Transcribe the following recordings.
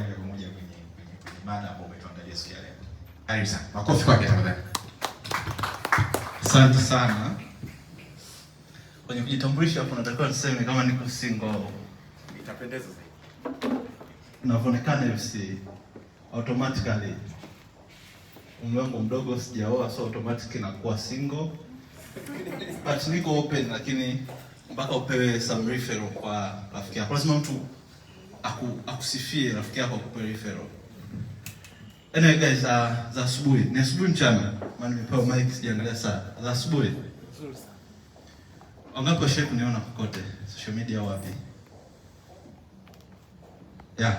tunaelekea moja kwa moja kwenye kwenye mada ambayo umetuandalia siku ya leo. Karibu sana. Makofi kwake tafadhali. Asante sana. Kwenye kujitambulisha hapo natakiwa tuseme kama niko single. Itapendeza zaidi. Unavyoonekana FC automatically umri wangu mdogo sijaoa, so automatic nakuwa single but niko open, lakini mpaka upewe some referral kwa rafiki yako, lazima mtu aku, akusifie rafiki yako kwa peripheral. Anyway guys, uh, za asubuhi. Ni asubuhi mchana. Maana nimepewa mic sijaangalia saa. Za asubuhi. Nzuri sana. Wangapi washe kuniona kote? Social media au wapi? Yeah.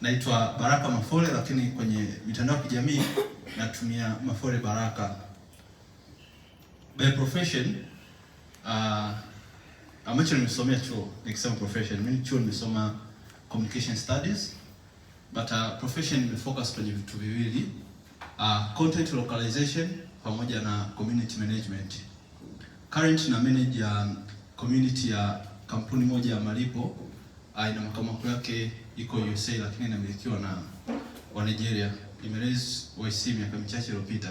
Naitwa Baraka Mafole lakini kwenye mitandao ya kijamii natumia Mafole Baraka. By profession uh, ambacho nimesomea chuo, nikisema profession, mimi chuo nimesoma communication studies, but uh, profession imefocus kwenye vitu viwili uh, content localization pamoja na community management. Current na manage um, community ya kampuni moja ya malipo uh, ina makao makuu yake iko USA, lakini inamilikiwa na wa Nigeria. Imeraise YC miaka michache iliyopita,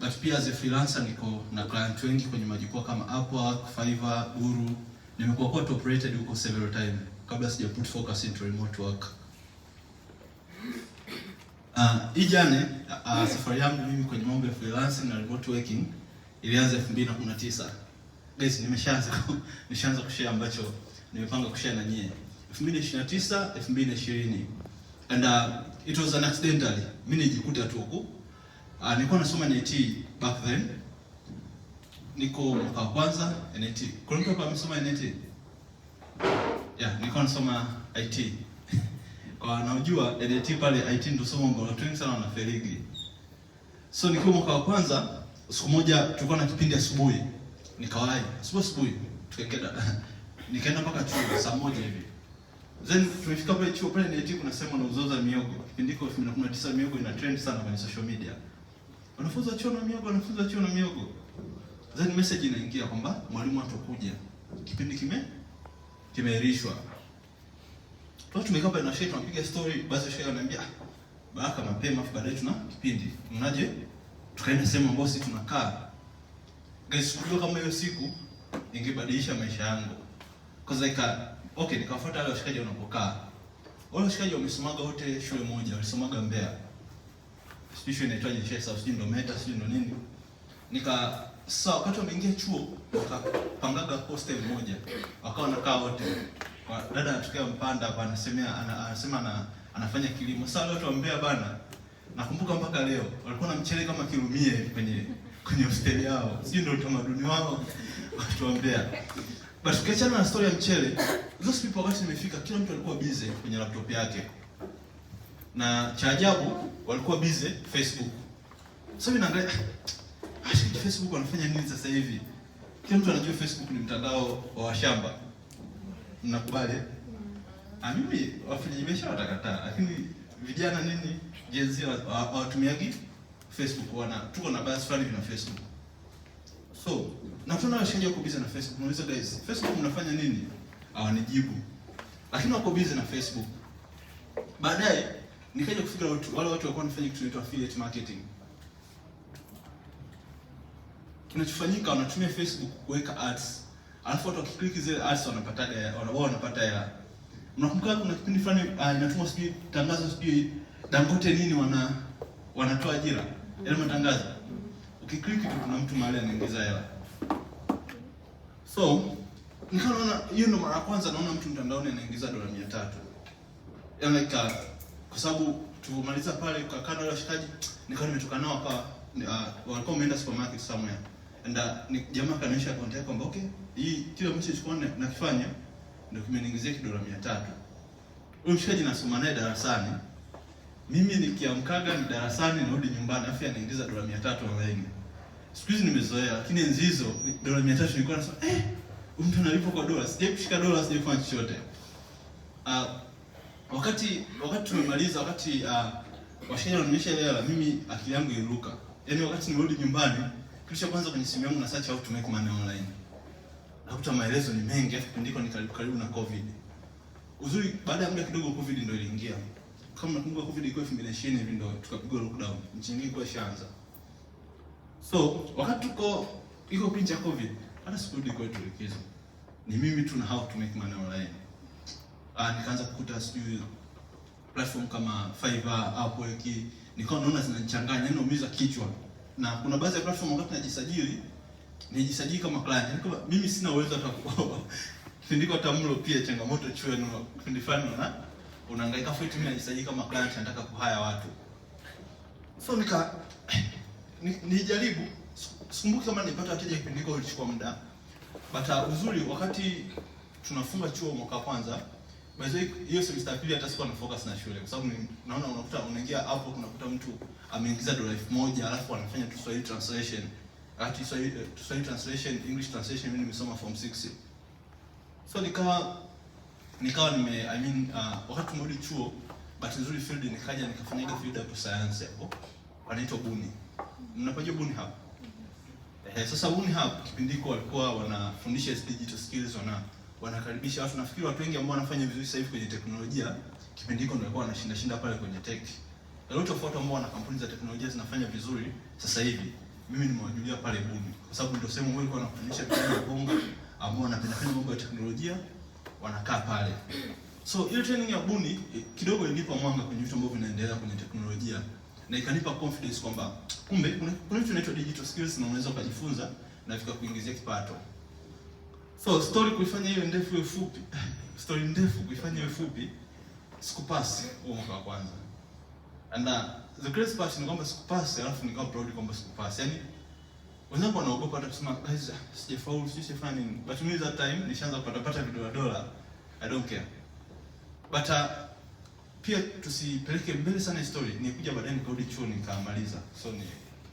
but pia as a freelancer niko na client wengi kwenye majukwaa kama Upwork, Fiverr, Guru. Nimekuwa kwa operated huko several times kabla sija put focus into remote work. Uh, ah, ijane uh, ah, ah, safari yangu mimi kwenye mambo ya freelancing na remote working ilianza 2019. Guys, nimeshaanza nimeshaanza kushare ambacho nimepanga kushare na nyie 2029 2020 and uh, it was an accidentally mimi nijikuta tu huko uh, nilikuwa nasoma NIT back then niko mwaka wa kwanza NIT. Kuna mtu hapa amesoma NIT? yeah, nilikuwa nasoma IT kwa wanaojua DDT pale IT ndio somo ambalo watu wengi sana wanafeligi. So nikiwa mwaka wa kwanza, siku moja tulikuwa na kipindi asubuhi, nikawahi asubuhi asubuhi, tukaenda nikaenda mpaka chuo saa moja hivi, then tumefika pale chuo pale DDT, kuna sema na uzoza miogo, kipindi kwa 2019 miogo ina trend sana kwenye social media, wanafunzi wa chuo na miogo, wanafunzi wa chuo na miogo. Then message inaingia kwamba mwalimu atakuja, kipindi kime kimeirishwa. Kwa tumekaa pale na shehe tunapiga story, basi shehe ananiambia ah, baraka mapema, afu baadaye tuna kipindi. Mnaje? Tukaenda sehemu ambayo sisi tunakaa. Guys, sikujua kama hiyo siku ingebadilisha maisha yangu. Cause like uh, okay, nikafuata wale washikaji wanapokaa. Wale washikaji wamesomaga wote shule moja, walisomaga Mbeya. Sijui inaitwaje shehe, sijui ndo meta, sijui ndo nini. Nika sasa wakati wameingia chuo wakapangaga hostel moja, wakawa wanakaa wote. Kwa Dada anatokea Mpanda hapa anasemea anasema ana, anafanya kilimo. Sasa wale watu wa Mbeya bana, nakumbuka mpaka leo walikuwa na mchele kama kilumie kwenye kwenye hostel yao, sijui ndio utamaduni wao watu wa Mbeya. But tukiachana na story ya mchele, those people, wakati nimefika, kila mtu alikuwa busy kwenye laptop yake, na cha ajabu walikuwa busy Facebook. Sasa so, mimi naangalia Hashtag Facebook wanafanya nini sasa hivi? Kila mtu anajua Facebook ni mtandao wa washamba. Mnakubali? Ah, mimi wafanyaji biashara watakataa, lakini vijana nini jenzi hawatumiagi Facebook, wana tuko na bias fulani na Facebook. So, na tuna tunawashauri wako busy na Facebook. Unaweza guys, Facebook mnafanya nini? Hawanijibu. Lakini wako busy na Facebook. Baadaye nikaja kufikira wale watu walikuwa wanafanya kitu kinaitwa affiliate marketing kinachofanyika wanatumia Facebook kuweka ads, alafu watu wakiklik zile ads wanapata wao wanapata hela. Unakumbuka kuna kipindi fulani uh, inatumwa sijui tangazo sijui Dangote nini wana wanatoa ajira yale yaani matangazo, ukiklik tu kuna mtu mahali anaingiza hela. So nikaona naona hiyo ndo mara ya kwanza naona mtu mtandaoni anaingiza dola 300 yaani like, ah, kwa sababu tumaliza pale kwa kanda la shikaji nikawa nimetoka nao hapa, ah, walikuwa wameenda supermarket somewhere Uh, ni jamaa kanaonyesha account yako kwamba okay, hii kila mtu chukua nakifanya ndio kimeniingizia kidola 300. Huyo mshikaji nasoma naye darasani. Mimi nikiamkaga ni darasani narudi nyumbani afi anaingiza dola 300 na wengi. Siku hizi nimezoea, lakini enzi hizo dola 300 nilikuwa nasema eh, mtu analipa kwa dola, sije kushika dola, sije kufanya chochote. Uh, wakati wakati tumemaliza wakati uh, washikaji wanaonyesha hela, mimi akili yangu iruka. Yaani wakati nirudi nyumbani kisha kwanza kwenye simu yangu na search au tumeku maana online. Nakuta maelezo ni mengi afu ndiko ni karibu karibu na COVID. Uzuri baada ya muda kidogo COVID ndio iliingia. Kama nakumbuka COVID ilikuwa 2020 hivi ndio tukapigwa lockdown. Nchi nyingi kwa shanza. So, wakati tuko iko pinja COVID, hata sikurudi kwetu likizo. Ni mimi tu na how to make money online. Ah, nikaanza kukuta sijui platform kama Fiverr, Upwork, nikaona naona zinachanganya, yani naumiza kichwa na kuna baadhi ya platform wakati najisajili nijisajili kama client, niko yaani mimi sina uwezo hata kuoa sindiko hata mlo pia changamoto chwe na kundi fulani na unahangaika fiti, mimi najisajili kama client, nataka kuhaya watu, so nika nijaribu ni sikumbuki kama nilipata wateja kipindi kile, ulichukua muda bata uh, uzuri, wakati tunafunga chuo mwaka kwanza Mzee hiyo semester pili hata sikuwa na focus na shule kwa sababu naona unakuta unaingia hapo unakuta mtu ameingiza dola 1000 alafu anafanya tu Swahili translation. Ati ah, Swahili eh, Swahili translation, English translation mimi nimesoma form 6. So nikawa nikawa nime I mean uh, wakati tumerudi chuo but nzuri field nikaja nikafanya nikafanyaga field hapo science hapo. Wanaitwa Buni. Mnapajua Buni hapo? Mhm. Eh, sasa Buni hapo kipindi iko walikuwa wanafundisha digital skills wana wanakaribisha. watu. nafikiri watu wengi ambao wanafanya vizuri sasa hivi kwenye teknolojia, kipindi hiko ndio walikuwa wanashinda shinda pale kwenye tech. A lot of watu ambao wana kampuni za teknolojia zinafanya vizuri sasa hivi, mimi nimewajulia pale Bumi, kwa sababu ndio sehemu wengi wanafundisha vijana wa Bongo ambao wanapenda mambo ya teknolojia, wanakaa pale. So ile training ya Bumi eh, kidogo ilinipa mwanga kwenye vitu ambavyo vinaendelea kwenye teknolojia na ikanipa confidence kwamba kumbe kuna kitu kinaitwa digital skills na unaweza ukajifunza na kuingizia kipato. So story kuifanya hiyo ndefu iwe fupi, story ndefu kuifanya iwe fupi, sikupasi huo mwaka wa kwanza. And uh, the greatest part ni kwamba sikupasi, alafu nikawa proud kwamba sikupasi. Yaani wenzangu wanaogopa hata kusema guys, sijafaulu, sijui sifanya nini. But me that time nishaanza kupata pata vidola dola. I don't care. But uh, pia tusipeleke mbele sana story. Ni kuja baadaye nikarudi chuo nikamaliza. So ni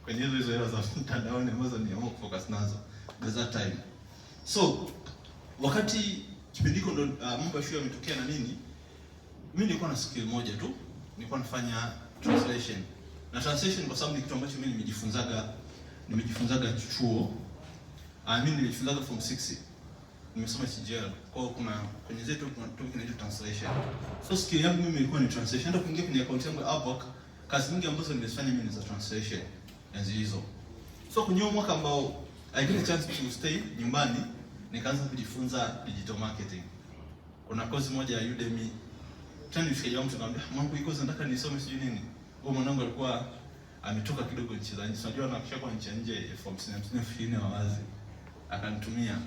kwenye hizo hizo hela za mtandaoni ambazo niamua kufocus nazo. But that time So wakati kipindi hiko ndo uh, mambo ya shule yametokea na nini, mimi nilikuwa na skill moja tu, nilikuwa nafanya translation na translation, kwa sababu ni kitu ambacho mimi nimejifunzaga nimejifunzaga chuo uh, mimi nimejifunzaga form 6 nimesoma CGL kwa kuna kwenye zetu kuna topic inaitwa translation. So skill yangu mimi ilikuwa ni translation, hata kuingia kwenye account yangu ya Upwork, kazi nyingi ambazo nimefanya mimi ni za translation enzi hizo. So kwenye mwaka ambao I get a chance to stay nyumbani nikaanza kujifunza digital marketing. Kuna course moja ya Udemy. Tena nifikaje mtu anambia, "Mwanangu iko nataka nisome sijui nini." Huyo mwanangu alikuwa ametoka kidogo nchi za nje. Unajua anakisha kwa nchi nje elfu hamsini hamsini elfu ishirini wa wazi. Akanitumia.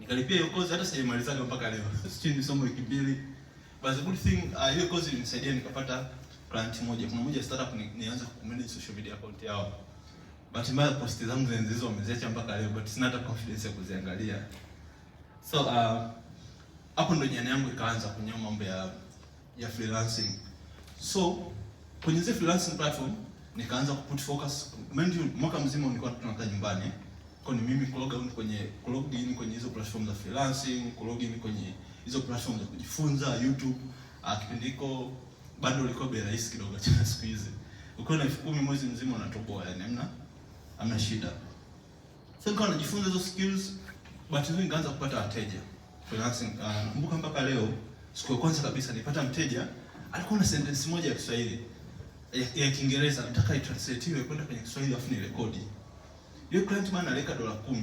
Nikalipia hiyo course hata sijaimalizaga mpaka leo. Sijui nisome wiki mbili. But the good thing uh, hiyo course ilinisaidia nikapata client moja. Kuna moja startup nianza ni kumanage social media account yao. Bahati mbaya posti zangu zenzi hizo wameziacha mpaka leo, but sina hata confidence ya kuziangalia. So uh, hapo uh, ndo jana yangu ikaanza kwenye mambo ya ya freelancing. So kwenye zile freelancing platform nikaanza kuput focus mainly, mwaka mzima nilikuwa tunakaa nyumbani, kwa ni mimi kulog in kwenye kulog in kwenye hizo platform za freelancing, kulog in kwenye hizo platform za kujifunza YouTube. Uh, kipindi hiko bado ilikuwa bei rahisi kidogo cha siku hizi, ukiwa na elfu kumi mwezi mzima unatoboa, yani hamna ana shida. So nikawa najifunza hizo skills, bahati nzuri nikaanza kupata wateja freelancing. Uh, nakumbuka uh, mpaka leo, siku ya kwanza kabisa nilipata mteja alikuwa na sentence moja ya Kiswahili ya, ya Kiingereza nataka itranslate iwe kwenda kwenye Kiswahili afu ni rekodi. Yule client bana aliweka dola 10,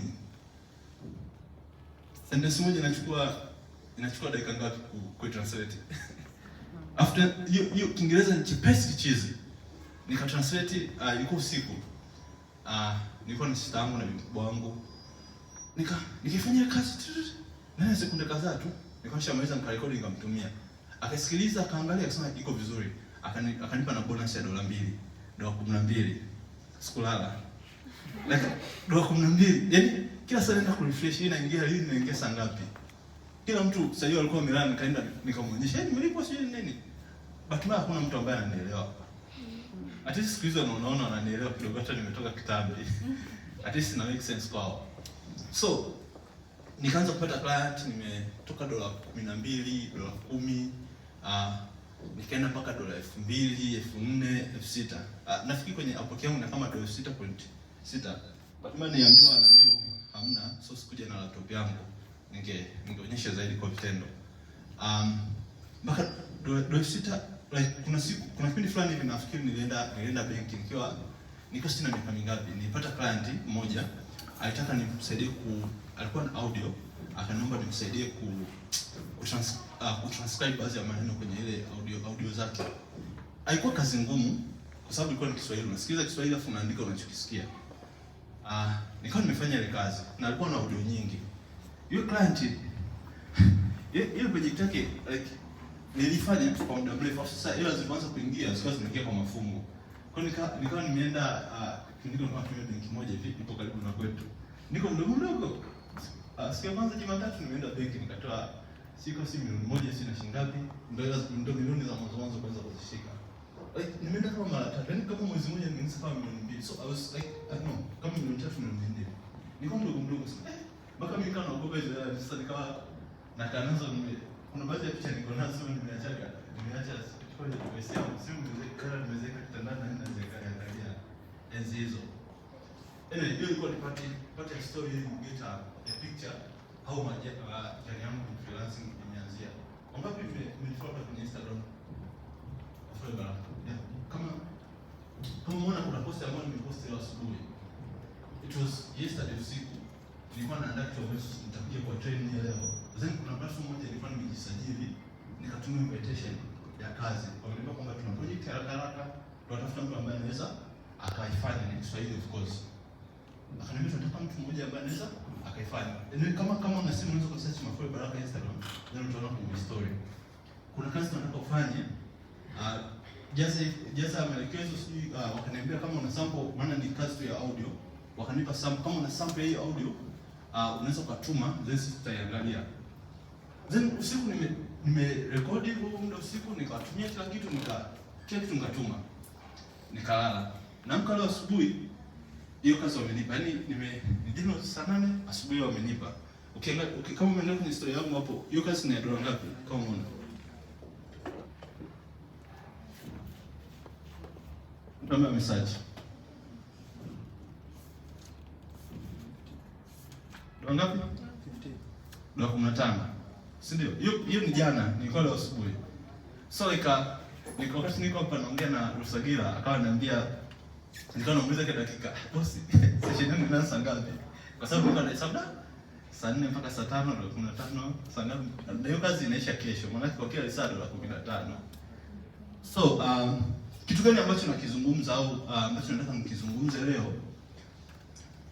Sentence moja inachukua inachukua dakika ngapi ku, ku translate? After hiyo Kiingereza ni chepesi kichizi. Nikatranslate uh, ilikuwa usiku. Ah, nilikuwa ni sista yangu na bibi wangu, nika nikifanya kazi tu na sekunde kadhaa tu nikawa nishamaliza nikarekodi, nikamtumia, akasikiliza, akaangalia, akasema iko vizuri, akanipa na bonus ya dola mbili, dola 12. Sikulala like dola 12. yaani kila saa naenda kurefresh, hii yaani inaingia hii inaingia saa ngapi, kila mtu sasa. hiyo Alikuwa amelala, kaenda nikamwonyesha, hey, yaani, mlipo sio nini. Bahati hakuna mtu ambaye ananielewa At least siku hizo unaona wananielewa kidogo, hata nimetoka kitambi. At least ina make sense kwao. So nikaanza kupata client, nimetoka dola kumi dola kumi, uh, nikaenda mpaka dola elfu mbili, elfu nne, elfu sita. Uh, nafikiri kwenye account yangu na kama dola sita point sita. But mimi niambiwa na niyo hamna, so sikuja na laptop yangu. Ninge ningeonyesha zaidi kwa vitendo. Um, mpaka dola 6 kuna kuna siku kuna kipindi fulani hivi nafikiri nilienda nilienda benki nikiwa niko sina miaka mingapi, nilipata client mmoja alitaka nimsaidie ku alikuwa na audio akaniomba nimsaidie ku kutrans, uh, ah, kutranscribe baadhi ya maneno kwenye ile audio audio zake. Haikuwa kazi ngumu kwa sababu ilikuwa ni Kiswahili, unasikiliza Kiswahili afu unaandika unachokisikia. Ah, uh, nikawa nimefanya ile kazi na alikuwa na audio nyingi. Yule client ile project yake like nilifanya kwa muda mrefu. Sasa hela zilianza kuingia, sikuwa zinaingia kwa mafungo. Kwa nika nikawa nimeenda kingine, kwa mfano benki moja hivi ipo karibu na kwetu, niko mdogo mdogo. Ah, siku ya kwanza Jumatatu nimeenda benki nikatoa siko si milioni moja si na shingapi, ndio hela ndio milioni za mwanzo mwanzo kwanza kuzishika. Like nimeenda kama mara tatu, yani kama mwezi mmoja nimeanza kama milioni mbili, so I was like I don't know kama milioni tatu na milioni nne, niko mdogo mdogo. Sasa eh, mpaka mimi kana naogopa sasa nikawa natangaza mimi kuna baadhi ya picha niko nazo nimeachaga, nimeacha kwenye device yangu, simu nimezeka, nimezeka kitandani na ninazeka angalia enzi hizo. Anyway, hiyo ilikuwa nipate nipate story hii ngeta a picture au maji jani uh, yangu freelancing imeanzia. Wangapi mmenifuata kwenye Instagram? Afuga. Kama kama unaona kuna post ambayo nimepost leo asubuhi. It was yesterday usiku. Nilikuwa naandaa kitu ambacho nitakuja kwa training leo. Then kuna basi moja ilikuwa nimejisajili nikatuma invitation ya kazi. Kwa maana kwamba tuna project ya haraka, tunatafuta mtu ambaye anaweza akaifanya ni Kiswahili of course. Akaniambia tunataka mtu mmoja ambaye anaweza akaifanya. Ni yaani kama kama una simu unaweza kusearch Mafue Baraka Instagram, then utaona kwenye story. Kuna kazi tunataka kufanya. uh, jaza jaza maelekezo sijui uh, wakaniambia kama una sample maana ni kazi tu ya audio. Wakanipa sample kama una sample ya hiyo audio uh, unaweza ukatuma then sisi tutaiangalia. Then usiku nime nimerekodi hivyo muda usiku, nikatumia kila kitu, nika kila kitu nikatuma, nikalala. Naamka leo asubuhi, hiyo kazi wamenipa, yaani nime nidino saa nane asubuhi wamenipa. Ukiangalia okay, okay, kama umeenda kwenye story yangu hapo, hiyo kazi ni ya dola ngapi? Kama unaona kama message dola ngapi? dola kumi si ndio? Hiyo hiyo ni jana, nilikuwa leo asubuhi. So ika niko niko hapa naongea na Rusagira akawa ananiambia nilikuwa namuuliza kwa dakika bosi, session yangu ina saa ngapi? Kwa sababu nilikuwa nahesabu saa 4 mpaka saa 5 ndio 15 saa ngapi? Na hiyo kazi inaisha kesho, maana kwa kila saa ndio 15. So um, kitu gani ambacho nakizungumza au ambacho uh, ambacho nataka nikizungumze leo?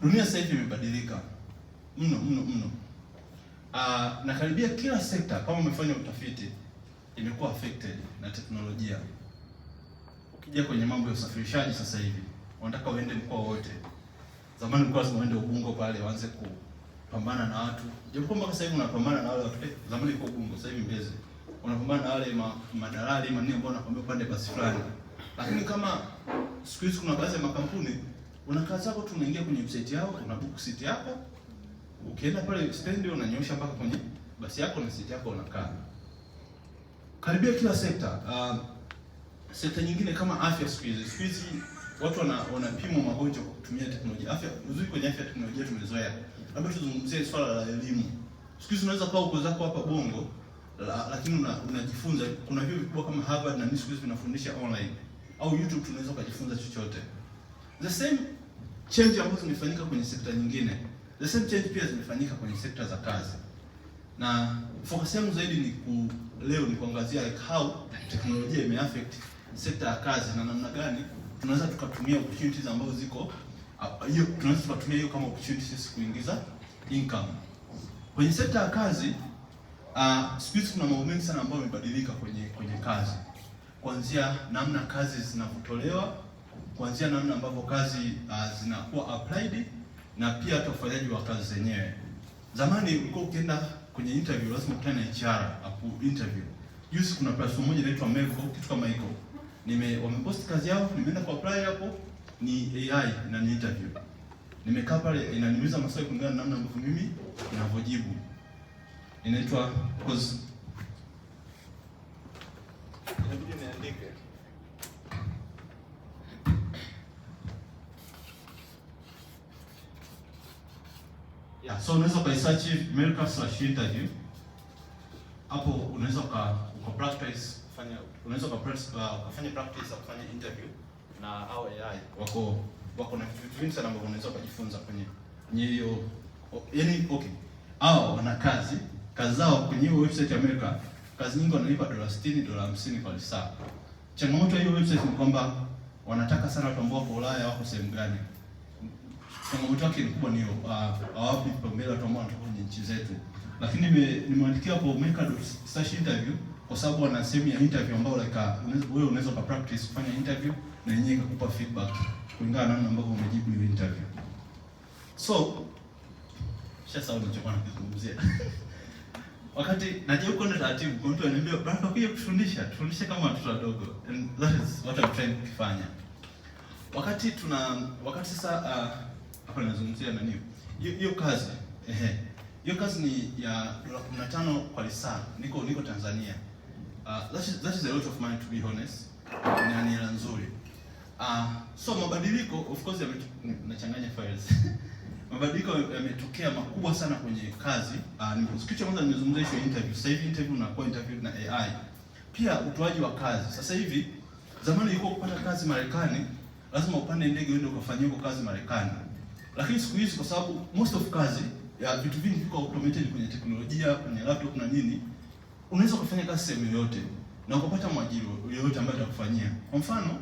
Dunia sasa hivi imebadilika mno mno mno. Ah, na karibia kila sekta kama umefanya utafiti imekuwa affected na teknolojia. Ukija kwenye mambo ya usafirishaji sasa hivi wanataka uende mkoa wote. Zamani mkoa lazima uende Ubungo pale waanze kupambana na watu. Japo kwamba sasa hivi unapambana na wale watu. Eh, zamani iko Ubungo, sasa hivi Mbezi. Unapambana na wale ma, madalali manne ambao wanakwambia pande basi fulani. Lakini kama siku hizi kuna baadhi ya makampuni unakaa zako tu unaingia kwenye website yao, una book seat yako Ukienda pale stendi unanyosha mpaka kwenye basi yako na seti yako unakaa. Karibia kila sekta. Uh, sekta nyingine kama afya siku hizi. Siku hizi watu wana wanapimwa magonjwa kwa kutumia teknolojia. Afya uzuri kwenye afya teknolojia tumezoea. Labda tuzungumzie swala la elimu. Siku hizi unaweza kaa uko zako hapa Bongo la, lakini una, unajifunza kuna vitu vikubwa kama Harvard na siku hizi vinafundisha online au YouTube tunaweza kujifunza chochote. The same change ambayo zimefanyika kwenye sekta nyingine The same change pia zimefanyika kwenye sekta za kazi, na focus yangu zaidi ni ku, leo ni kuangazia like how teknolojia imeaffect sekta ya kazi na namna gani tunaweza tukatumia opportunities ambazo ziko uh, hiyo, tunaweza tukatumia hiyo kama opportunities kuingiza income kwenye sekta ya kazi. Uh, siku hizi kuna mambo mengi sana ambayo yamebadilika kwenye kwenye kazi, kuanzia namna kazi zinavyotolewa, kuanzia namna ambavyo kazi uh, zinakuwa applied na pia hata ufanyaji wa kazi zenyewe. Zamani ulikuwa ukienda kwenye interview lazima ukutane na HR apu interview. Juzi kuna platform moja inaitwa Mevo kitu kama hiko. Nime wamepost kazi yao, nimeenda kwa apply hapo ni AI na ni interview. Nimekaa pale inaniuliza maswali kulingana na namna ambavyo mimi ninavyojibu. Inaitwa cause. Inabidi niandike. Yeah, so unaweza search America slash interview. Hapo unaweza uka, uka practice fanya unaweza press practice uh, kufanya practice au kufanya interview na au AI wako wako na vitu vingi sana ambavyo unaweza kujifunza kwenye kwenye hiyo yani, okay. Hao wana kazi, kazi zao kwenye hiyo website ya America, kazi nyingi wanalipa dola 60, dola 50 kwa saa. Changamoto hiyo website ni kwamba wanataka sana watu ambao wako Ulaya wako sehemu gani? changamoto yake kubwa ni hiyo, uh, hawapi kipaumbele watu ambao wanatoka kwenye nchi zetu, lakini nimeandikia hapo make a search interview kwa sababu wana sehemu ya interview ambayo like uh, wewe unaweza ka practice kufanya interview na yenyewe ikakupa feedback kulingana na namna ambavyo umejibu ile interview. So sasa wewe chochote nakizungumzia wakati najaribu kwenda taratibu, kwa mtu ananiambia bwana, kuja kufundisha tufundishe kama watoto wadogo, and that is what I'm trying to kufanya wakati tuna wakati sasa uh, hapa ninazungumzia nani hiyo kazi ehe, hiyo kazi ni ya dola 15 kwa lisaa. Niko niko Tanzania. Uh, that is, that is a lot of money to be honest, na ni hela nzuri. Uh, so mabadiliko of course nachanganya files mabadiliko yametokea makubwa sana kwenye kazi. Uh, kitu cha kwanza nimezungumzia hiyo interview. Sasa hivi interview na kwa interview na AI, pia utoaji wa kazi. Sasa hivi, zamani ilikuwa kupata kazi Marekani lazima upande ndege uende ukafanyia huko kazi Marekani. Lakini siku hizi kwa sababu most of kazi ya vitu vingi viko automated kwenye teknolojia, kwenye laptop na nini, unaweza kufanya kazi sehemu yoyote na ukapata mwajiri yoyote ambaye atakufanyia. Kwa mfano,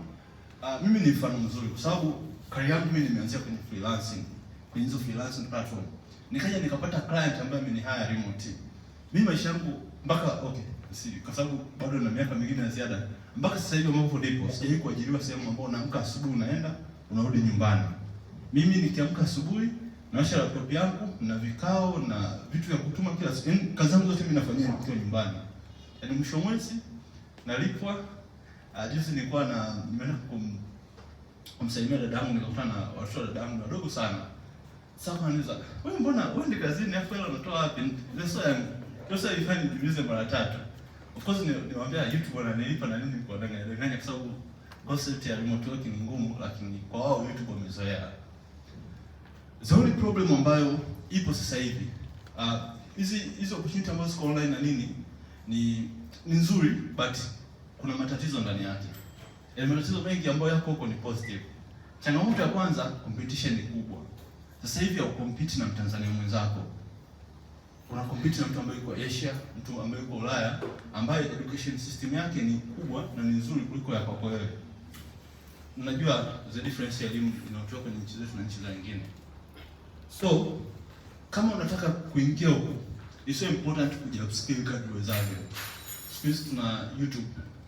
uh, mimi ni mfano mzuri kwa sababu career yangu mimi nimeanzia kwenye freelancing, kwenye hizo freelancing platform. Nikaja nikapata client ambaye amenihire remote. Mimi maisha yangu mpaka okay, si kwa sababu bado na miaka mingine ya ziada. Mpaka sasa hivi ambapo ndipo sijawahi kuajiriwa sehemu ambayo unaamka asubuhi unaenda, unarudi nyumbani. Mimi nikiamka asubuhi naosha laptop yangu na vikao na vitu vya kutuma kila siku. Yaani kazi zangu zote mimi nafanyia nikiwa nyumbani. Yaani mwisho wa mwezi nalipwa. Uh, juzi nilikuwa na nimeenda kum, kumsalimia dadangu nikakuta na watoto wa dadangu wadogo sana. Sasa anaweza, "Wewe mbona wewe ndi kazini afu hela unatoa wapi?" Ndio sasa yangu. Ndio sasa ifanye nijiulize mara tatu. Of course niwaambia YouTube wananilipa na nini kwa danganya danganya kwa sababu concept ya remote working ngumu, lakini kwa wao YouTube wamezoea. Zauri problem ambayo ipo sasa hivi uh, hizi uh, hizo opportunity ambazo ziko online na nini ni ni nzuri but kuna matatizo ndani yake. Yaani matatizo mengi ambayo yako huko ni positive. Changamoto ya kwanza, competition ni kubwa. Sasa hivi au compete na Mtanzania mwenzako, Una compete na mtu ambaye yuko Asia, mtu ambaye yuko Ulaya, ambaye education system yake ni kubwa na ni nzuri kuliko ya kwako wewe. Unajua the difference ya elimu inayotoka kwenye nchi zetu na nchi za wengine. So kama unataka kuingia huko, it's so important kuja upskill kadri uwezavyo. Siku hizi tuna YouTube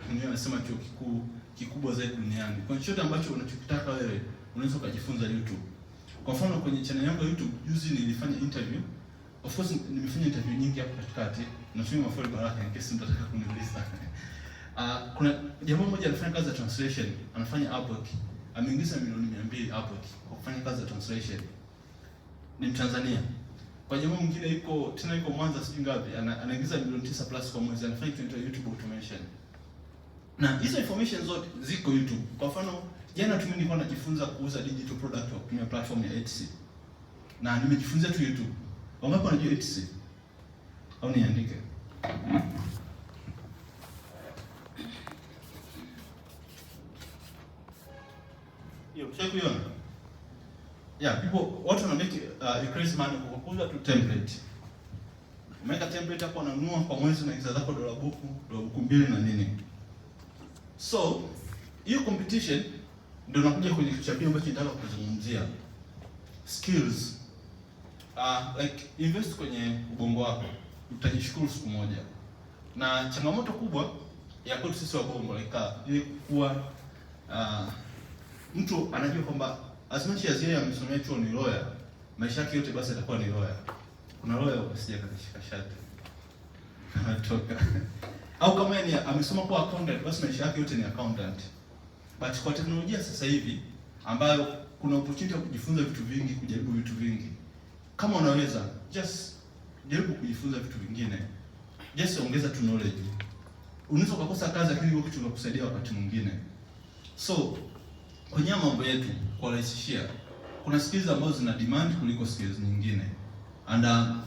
wenyewe anasema chuo kikuu kikubwa zaidi duniani. Kwa chochote ambacho unachokitaka wewe unaweza ukajifunza YouTube. Kwa mfano kwenye channel yangu ya YouTube juzi nilifanya interview. Of course nimefanya interview nyingi hapo katikati. Natumia mafoli baraka in case mtataka kuniuliza. Uh, kuna jamaa mmoja anafanya kazi ya translation, anafanya Upwork. Ameingiza milioni 200 Upwork kwa kufanya kazi ya translation ni Mtanzania. Kwa jamaa mwingine yuko tena yuko Mwanza sijui ngapi anaingiza milioni tisa plus kwa mwezi anafanya kitu YouTube automation. Na hizo information zote ziko YouTube. Kwa mfano jana tu mimi nilikuwa najifunza kuuza digital product kwa kutumia platform ya Etsy. Na nimejifunza tu YouTube. Wangapi wanajua Etsy? Au niandike. Yo, Hiyo, sio kuiona. Yeah, people Krismani kukuza tu template. Umeweka template hapo unanunua kwa mwezi na ingiza zako dola buku, dola buku mbili na nini. So, hiyo competition ndio nakuja kwenye kitu cha pili ambacho nitaka kuzungumzia. Skills. Ah, Uh, like invest kwenye ubongo wako. Utajishukuru siku moja. Na changamoto kubwa ya kwetu sisi wa Bongo like ah, ile kuwa uh, mtu anajua kwamba as much as yeye amesomea chuo ni lawyer maisha yake yote basi atakuwa ni loya. Kuna loya usije kashika shati anatoka au kama yeye amesoma kwa accountant, basi maisha yake yote ni accountant. But kwa teknolojia sasa hivi ambayo kuna opportunity ya kujifunza vitu vingi, kujaribu vitu vingi, kama unaweza just jaribu kujifunza vitu vingine, just ongeza tu knowledge. Unaweza ukakosa kazi, lakini hiyo kitu unakusaidia wakati mwingine. So kwenye mambo yetu kwa rahisishia kuna skills ambazo zina demand kuliko skills nyingine and uh,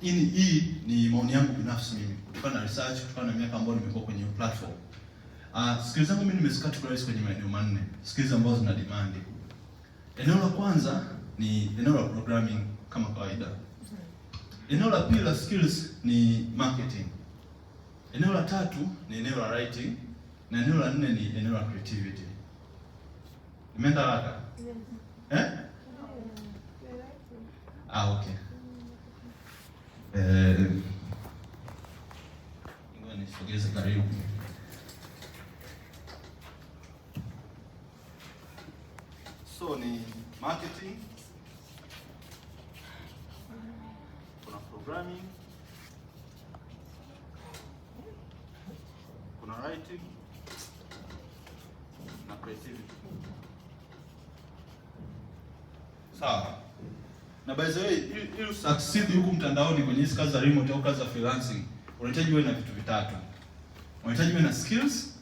hii uh, hii ni maoni yangu binafsi mimi kutokana na research, kutokana na miaka ambayo nimekuwa kwenye platform uh, skills zangu mimi nimezicategorize kwenye maeneo manne skills ambazo zina demand. Eneo la kwanza ni eneo la programming kama kawaida. Eneo la pili la skills ni marketing. Eneo la tatu ni eneo la writing na eneo la nne ni eneo la creativity. Nimeenda haraka. Eh? Ah, okay. Eh, nisogeze karibu. So ni marketing. Kuna programming. Kuna writing na creativity sawa. Na by the way, ili succeed huku mtandaoni kwenye hizo kazi za remote au kazi za freelancing, unahitaji uwe na vitu vitatu. Unahitaji uwe na skills,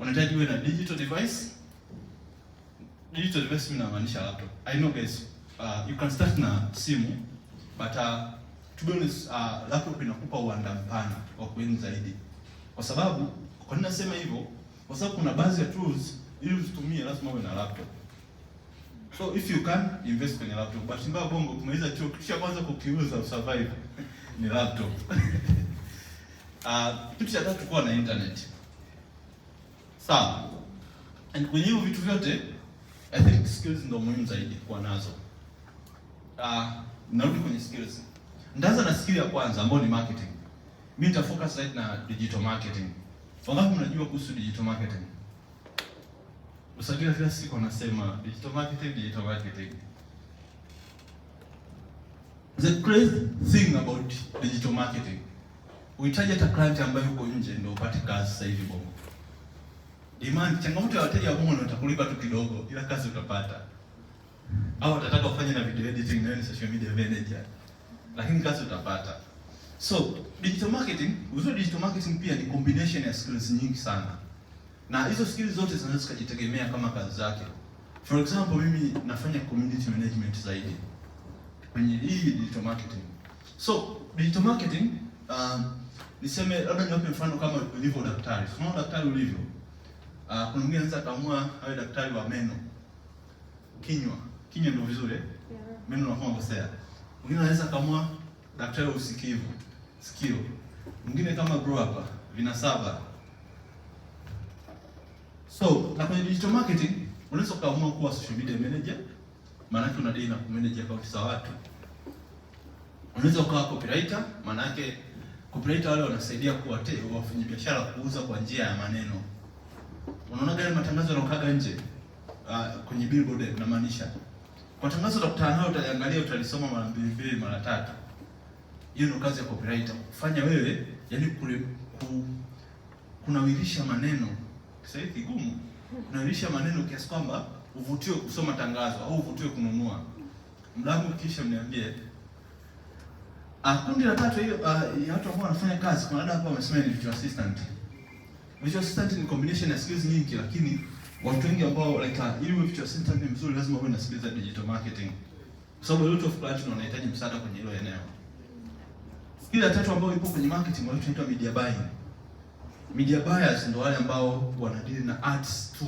unahitaji uwe na digital device. Digital device mimi namaanisha laptop. I know guys, uh, you can start na simu but uh, to be honest, uh, laptop inakupa uwanda mpana wa kuenda zaidi. Kwa sababu kwa nini nasema hivyo? Kwa sababu kuna baadhi ya tools ili uzitumie lazima uwe na laptop. So if you can invest kwenye laptop. Bahati mbaya Bongo kumaliza chuo kitu cha kwanza kukiuza usurvive ni laptop. Ah, uh, kitu cha tatu kuwa na internet. Sawa. And kwenye hiyo vitu vyote I think skills ndio muhimu zaidi kuwa nazo. Ah, uh, narudi kwenye skills. Ndaanza na skill ya kwanza ambayo ni marketing. Mimi nitafocus zaidi na digital marketing. Wangapi mnajua kuhusu digital marketing? usajili kila siku anasema digital marketing, digital marketing. The crazy thing about digital marketing. Uhitaji hata client ambaye yuko nje ndio upate kazi sasa hivi Bongo. Demand, changamoto ya wateja wa Bongo watakulipa tu kidogo ila kazi utapata. Au watataka ufanye na video editing na social media manager. Lakini kazi utapata. So, digital marketing, uzuri digital marketing pia ni combination ya skills nyingi sana na hizo skills zote zinaweza zikajitegemea kama kazi zake. For example, mimi nafanya community management zaidi kwenye hii digital marketing. So digital marketing uh, niseme labda niwape mfano kama ulivyo daktari. Kama daktari ulivyo, uh, kuna mwingine anaweza kaamua awe daktari wa meno, kinywa, kinywa ndio vizuri, eh? yeah. meno na unakuwa unakosea. Mwingine anaweza kaamua daktari wa usikivu, sikio. Mwingine kama grow up saba. So na kwenye digital marketing unaweza ukaamua kuwa social media manager, maana yake una deal na kumanage account za watu. Unaweza ukawa copywriter, maana yake copywriter wale wanasaidia kuwateja biashara kuuza kwa njia ya maneno. Unaona gari matangazo yanokaga nje? Uh, kwenye billboard namaanisha. Kwa tangazo la kutana nayo utaliangalia, utalisoma mara mbili mbili mara tatu. Hiyo ndio kazi ya copywriter, kufanya wewe yani kule ku, kunawirisha maneno Kiswahili kigumu, unaanzisha maneno kiasi kwamba uvutiwe kusoma tangazo au uvutiwe kununua. Mlango kisha mniambie. Ah, kundi la tatu hiyo ah, ya watu ambao wanafanya kazi, kuna dada hapa wamesema ni virtual assistant. Virtual assistant ni combination ya skills nyingi, lakini watu wengi ambao like ah, ili uwe virtual assistant ni mzuri, lazima uwe na skills za digital marketing, kwa sababu lot of clients wanahitaji msaada kwenye hilo eneo. Skill ya tatu ambayo ipo kwenye marketing wanaitwa media buying. Media buyers ndio wale ambao wanadili na ads tu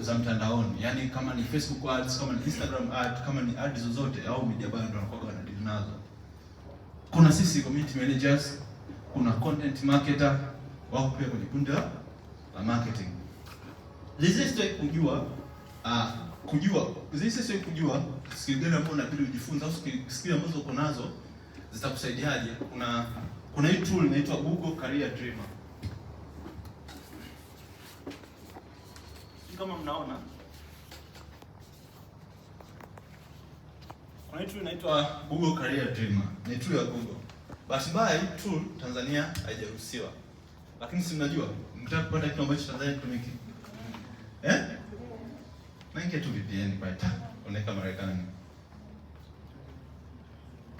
za mtandaoni, yani kama ni Facebook ads, kama ni Instagram ads, kama ni ads zozote, au media buyers ndio wanakuwa wanadili nazo. Kuna sisi community managers, kuna content marketer, wako pia kwenye kundi la marketing. Liziswe kujua uh, kujua liziswe kujua skill gani ambazo unabidi ujifunze au skill ambazo uko nazo zitakusaidiaje? Kuna kuna hii tool inaitwa Google Career Dreamer. Kama mnaona kuna hii tool inaitwa Google Career Dreamer. Ni tool ya Google. Bahati mbaya tool Tanzania haijaruhusiwa. Lakini si mnajua, mtaka kupata kitu ambacho Tanzania kitumiki. Eh? Naingia tu VPN kwa ita. Unaweka Marekani.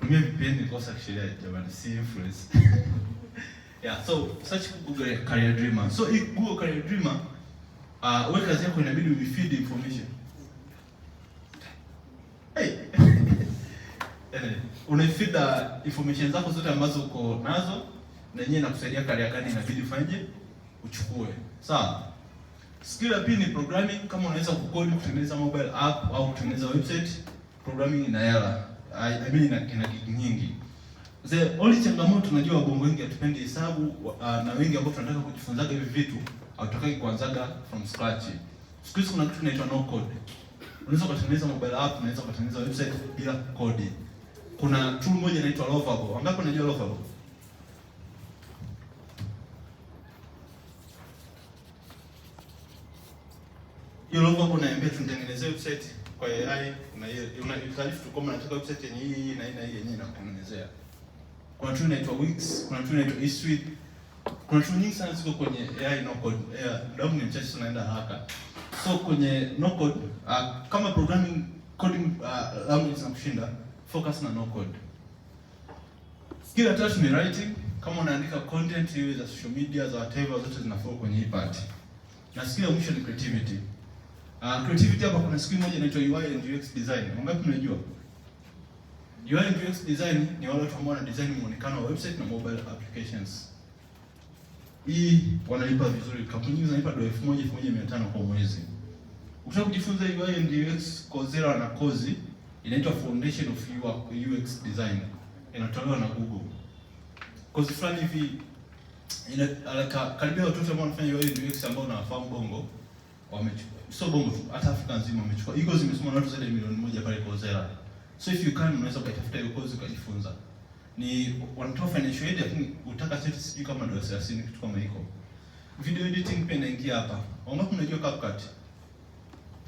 Kutumia VPN ni kosa kisheria jamani, si influence. yeah, so search Google Career Dreamer. So hii Google Career Dreamer uh, wewe kazi yako inabidi uifeed information. Hey. Eh, uh, the information zako zote ambazo uko nazo na yeye inakusaidia career gani inabidi ufanye uchukue. Sawa? Skill ya pili ni programming, kama unaweza kucode, kutengeneza mobile app au kutengeneza website, programming ina hela. I mean ina, ina gig nyingi. The only changamoto najua wabongo wengi hatupendi hesabu uh, na wengi ambao tunataka kujifunzaga hivi vitu hatutaki kuanzaga from scratch. Siku hizi kuna kitu kinaitwa no code. Unaweza kutengeneza mobile app, unaweza kutengeneza website bila code. Kuna tool moja inaitwa Lovable. Wangapi unajua Lovable? Hiyo Lovable naambia tutengenezee website kwa AI na hiyo unaitaarifu tu kama unataka website yenye hii na hii na hii yenyewe inakutengenezea. Kuna tool inaitwa Wix, kuna tool inaitwa eSuite. Kuna tool nyingi sana ziko kwenye AI no code. Eh, Damu ni mchache tunaenda haka. So kwenye no code uh, kama programming coding uh, language zinakushinda, focus na no code. Skill ya tatu ni writing. Kama unaandika content iwe za social media za whatever, zote zinafaa kwenye hii part. Na skill ya mwisho ni creativity. Uh, ah, creativity hapa kuna skill moja inaitwa UI and UX design. Mbona tunajua? UI and UX design ni wale watu ambao wana design muonekano wa website na mobile applications. Hii wanalipa vizuri. Kampuni nyingi zinalipa dola 1000, 1500 kwa mwezi. Ukitaka kujifunza UI and UX, Coursera na kozi inaitwa Foundation of UX Design. Inatolewa na Google. Kozi fulani hivi ina karibia watu ambao wanafanya UI and UX ambao wanafahamu bongo wamechukua sio Bongo tu, hata Afrika nzima wamechukua. Iko zimesoma watu zaidi ya milioni moja pale Coursera. So if you can unaweza kutafuta hiyo course ukajifunza. Ni wanatoa financial aid lakini utaka seti sijui kama dola 30 kitu kama hiko. Video editing pia inaingia hapa. Wangapi unajua CapCut?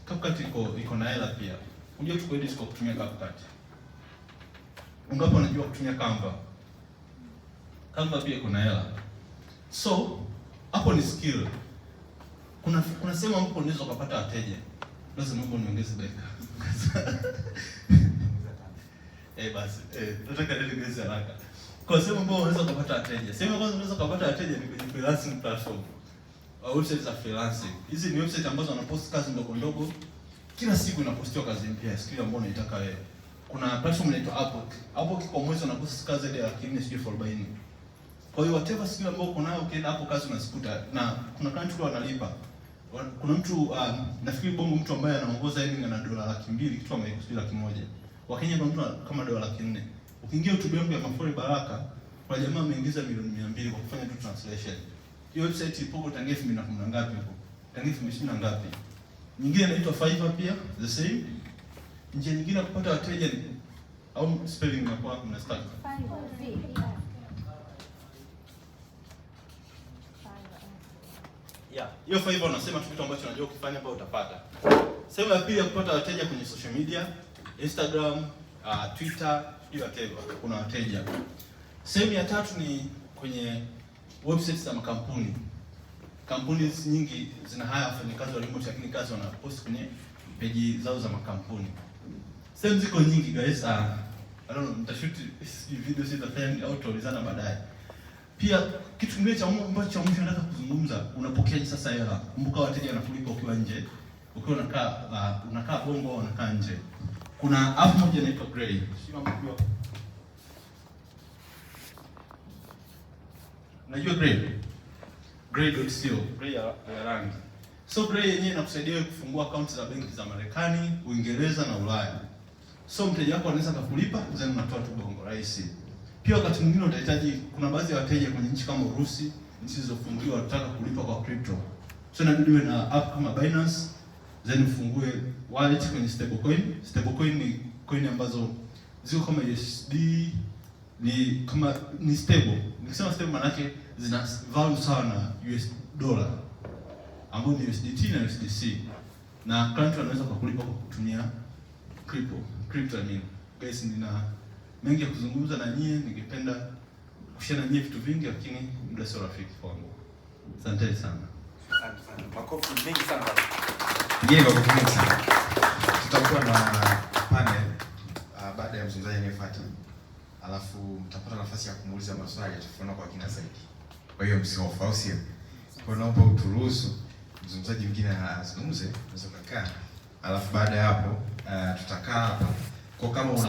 CapCut iko iko na hela pia. Unajua tuko edit kwa kutumia CapCut. Ungapi unajua kutumia Canva? Canva pia kuna hela. So hapo ni skill kuna kuna sehemu ambapo unaweza kupata wateja. Sasa Mungu niongeze beka Eh, basi eh, nataka ndio niongeze haraka. Kwa sehemu ambapo unaweza kupata wateja. Sehemu kwanza unaweza kupata wateja ni kwenye freelancing platform. Au website za freelancing. Hizi ni website ambazo wanapost kazi ndogo ndogo. Kila siku inapostiwa kazi mpya, skill ambayo unaitaka wewe. Kuna platform inaitwa Upwork. Upwork kwa mwezi wanapost kazi zaidi ya laki nne sijui elfu arobaini. Kwa hiyo whatever skill ambayo uko nayo ukienda hapo kazi unazikuta na kuna kanti kwa wanalipa kuna mtu uh, nafikiri Bongo mtu ambaye anaongoza hivi ana dola laki mbili kitu kama hiyo, laki moja. Wakenya kuna mtu kama dola laki nne. Ukiingia YouTube yangu ya Mafori Baraka, kwa jamaa ameingiza milioni 200 kwa kufanya tu translation. Hiyo website ipo kwa tangia 2010 ngapi huko Tangia 2020 ngapi? Nyingine inaitwa Fiverr pia, the same. Njia nyingine kupata wateja au spelling inakuwa kwa kuna stack. Fiverr. Yeah. Hiyo five unasema tu kitu ambacho unajua ukifanya hapa utapata. Sehemu ya pili ya kupata wateja kwenye social media, Instagram, uh, Twitter, sijui whatever, kuna wateja. Sehemu ya tatu ni kwenye website za makampuni. Kampuni nyingi zina haya wafanyakazi wa remote lakini kazi wanapost kwenye peji zao za makampuni. Sehemu ziko nyingi guys, uh, I don't know, mtashoot video si the tafanya au tuulizana baadaye. Pia kitu kingine cha Mungu ambacho cha anataka kuzungumza, unapokeaje sasa hela? Kumbuka wateja wanafurika ukiwa nje, ukiwa unakaa uh, unakaa bongo au unakaa nje. Kuna app moja inaitwa Grey, sio mkubwa, unajua Grey Grey dot sio Grey ya, rangi. So Grey yenyewe inakusaidia wewe kufungua akaunti za benki za Marekani, Uingereza na Ulaya. So mteja wako anaweza kukulipa then unatoa tu bongo rahisi. Right? Pia wakati mwingine utahitaji, kuna baadhi ya wateja kwenye nchi kama Urusi, nchi zilizofungiwa, wanataka kulipa kwa crypto, so na uwe na app kama Binance, then ufungue wallet kwenye stablecoin. Stablecoin ni coin ambazo ziko kama USD, ni kama ni stable. Nikisema stable, maana yake zina value sawa na US dollar ambao ni USDT na USDC, na country anaweza kukulipa kwa kutumia crypto. Crypto ni guys, nina mengi ya kuzungumza na nyie, ningependa kushare na nyie vitu vingi, lakini muda sio rafiki kwangu. Asante sana. Asante sana. Makofi mengi sana. Ndio, makofi mengi sana. Tutakuwa na panel uh, baada ya mzungumzaji anayefuata. Alafu mtapata nafasi ya kumuuliza maswali atafunua kwa kina zaidi. Kwa hiyo msiofu, au sio? Kwa naomba uturuhusu mzungumzaji mwingine azungumze, unaweza kukaa. Alafu baada ya hapo uh, tutakaa hapa. Kwa kama